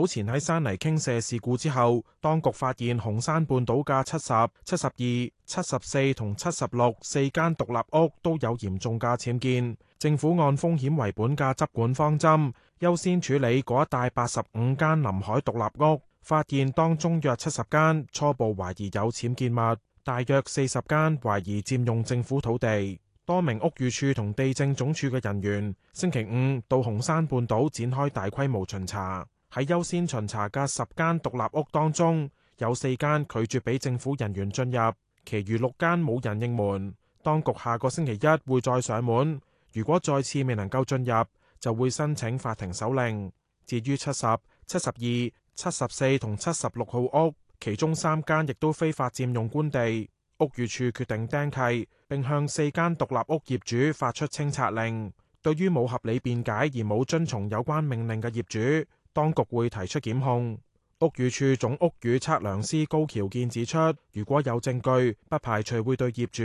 早前喺山泥傾瀉事故之後，當局發現紅山半島嘅七十、七十二、七十四同七十六四間獨立屋都有嚴重嘅僭建。政府按風險為本嘅執管方針，優先處理嗰一帶八十五間臨海獨立屋，發現當中約七十間初步懷疑有僭建物，大約四十間懷疑佔用政府土地。多名屋宇署同地政總署嘅人員星期五到紅山半島展開大規模巡查。喺優先巡查嘅十間獨立屋當中，有四間拒絕俾政府人員進入，其餘六間冇人應門。當局下個星期一會再上門，如果再次未能夠進入，就會申請法庭手令。至於七十、七十二、七十四同七十六號屋，其中三間亦都非法佔用官地，屋宇署決定釘契，並向四間獨立屋業主發出清拆令。對於冇合理辯解而冇遵從有關命令嘅業主，當局會提出檢控。屋宇署總屋宇測量師高橋健指出，如果有證據，不排除會對業主、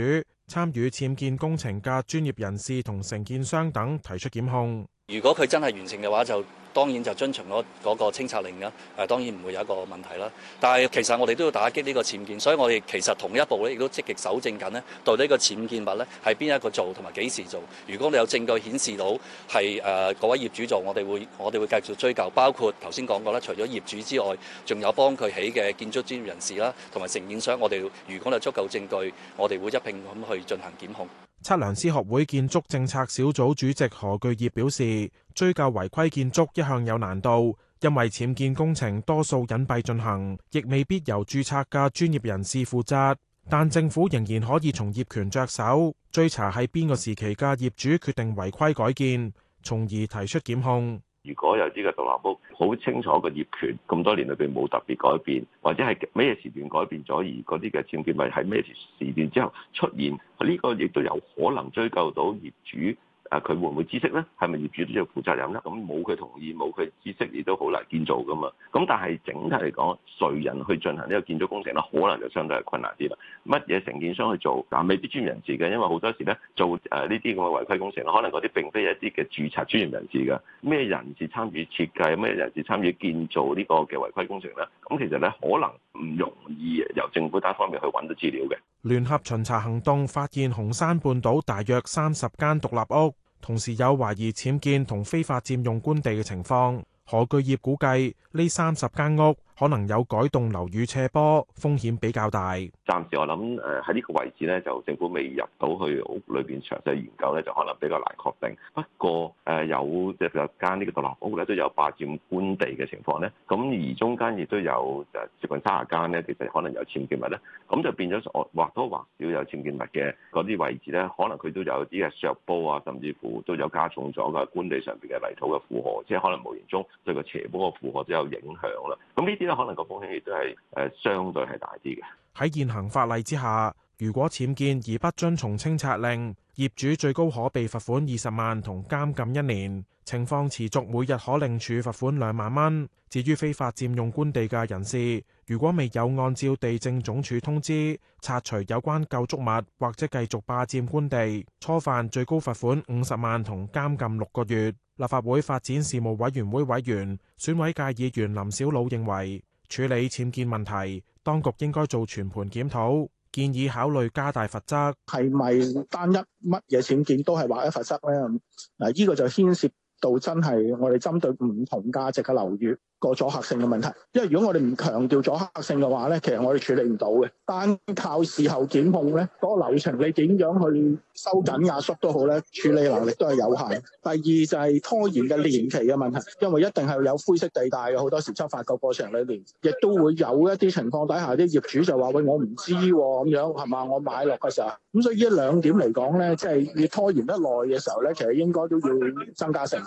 參與僭建工程嘅專業人士同承建商等提出檢控。如果佢真係完成嘅話，就當然就遵循咗嗰個清拆令啦，誒、啊，當然唔會有一個問題啦。但係其實我哋都要打擊呢個僭建，所以我哋其實同一步咧，亦都積極搜證緊咧，到底呢個僭建物咧係邊一個做同埋幾時做。如果你有證據顯示到係誒、呃、各位業主做，我哋會我哋會繼續追究。包括頭先講過啦，除咗業主之外，仲有幫佢起嘅建築專業人士啦，同埋承建商，我哋如果有足夠證據，我哋會一併咁去進行檢控。測量師學會建築政策小組主席何巨業表示，追究違規建築一向有難度，因為僭建工程多數隱蔽進行，亦未必由注冊嘅專業人士負責。但政府仍然可以從業權着手追查，喺邊個時期嘅業主決定違規改建，從而提出檢控。如果有呢個獨立屋，好清楚個業權，咁多年裏邊冇特別改變，或者係咩時段改變咗，而嗰啲嘅僭建物咪喺咩時段之後出現，呢、呢個亦都有可能追究到業主。佢會唔會知識呢？係咪業主都要負責任呢？咁冇佢同意，冇佢知識，亦都好難建造噶嘛。咁但係整體嚟講，誰人去進行呢個建築工程呢？可能就相對係困難啲啦。乜嘢承建商去做？嗱，未必專業人士嘅，因為好多時呢做誒呢啲咁嘅違規工程可能嗰啲並非一啲嘅註冊專業人士嘅。咩人士參與設計，咩人士參與建造呢個嘅違規工程呢？咁其實呢，可能唔容易由政府單方面去揾到資料嘅。聯合巡查行動發現紅山半島大約三十間獨立屋。同時有懷疑僭建同非法佔用官地嘅情況，何巨業估計呢三十間屋。可能有改動樓宇斜坡風險比較大，暫時我諗誒喺呢個位置咧就政府未入到去屋裏邊詳細研究咧，就可能比較難確定。不過誒有即係有間呢個獨立屋咧都有霸佔官地嘅情況咧，咁而中間亦都有誒接近三十間咧，其實可能有僭建物咧，咁就變咗我或多或少有僭建物嘅嗰啲位置咧，可能佢都有啲嘅削坡啊，甚至乎都有加重咗嘅官地上面嘅泥土嘅負荷，即係可能無形中對個斜坡嘅負荷都有影響啦。咁呢呢個可能個風險亦都係誒相對係大啲嘅。喺現行法例之下，如果僭建而不遵從清拆令，業主最高可被罰款二十萬同監禁一年；情況持續，每日可另處罰款兩萬蚊。至於非法佔用官地嘅人士，如果未有按照地政總署通知拆除有關構築物，或者繼續霸佔官地，初犯最高罰款五十萬同監禁六個月。立法會發展事務委員會委員、選委界議員林小魯認為，處理僭建問題，當局應該做全盤檢討，建議考慮加大罰則。係咪單一乜嘢僭建都係劃一罰則咧？嗱，呢個就牽涉到真係我哋針對唔同價值嘅樓宇個阻嚇性嘅問題，因為如果我哋唔強調阻嚇性嘅話咧，其實我哋處理唔到嘅。單靠事後檢控咧，嗰個流程你點樣去收緊壓縮都好咧，處理能力都係有限。第二就係拖延嘅年期嘅問題，因為一定係有灰色地帶嘅，好多時執法嘅過程裏邊，亦都會有一啲情況底下啲業主就話喂，我唔知咁樣係嘛，我買落嘅時候，咁所以呢兩點嚟講咧，即係要拖延得耐嘅時候咧，其實應該都要增加成。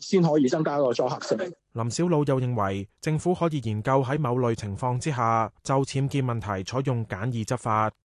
先可以增加個阻嚇性。林筱魯又認為，政府可以研究喺某類情況之下，就僭建問題採用簡易執法。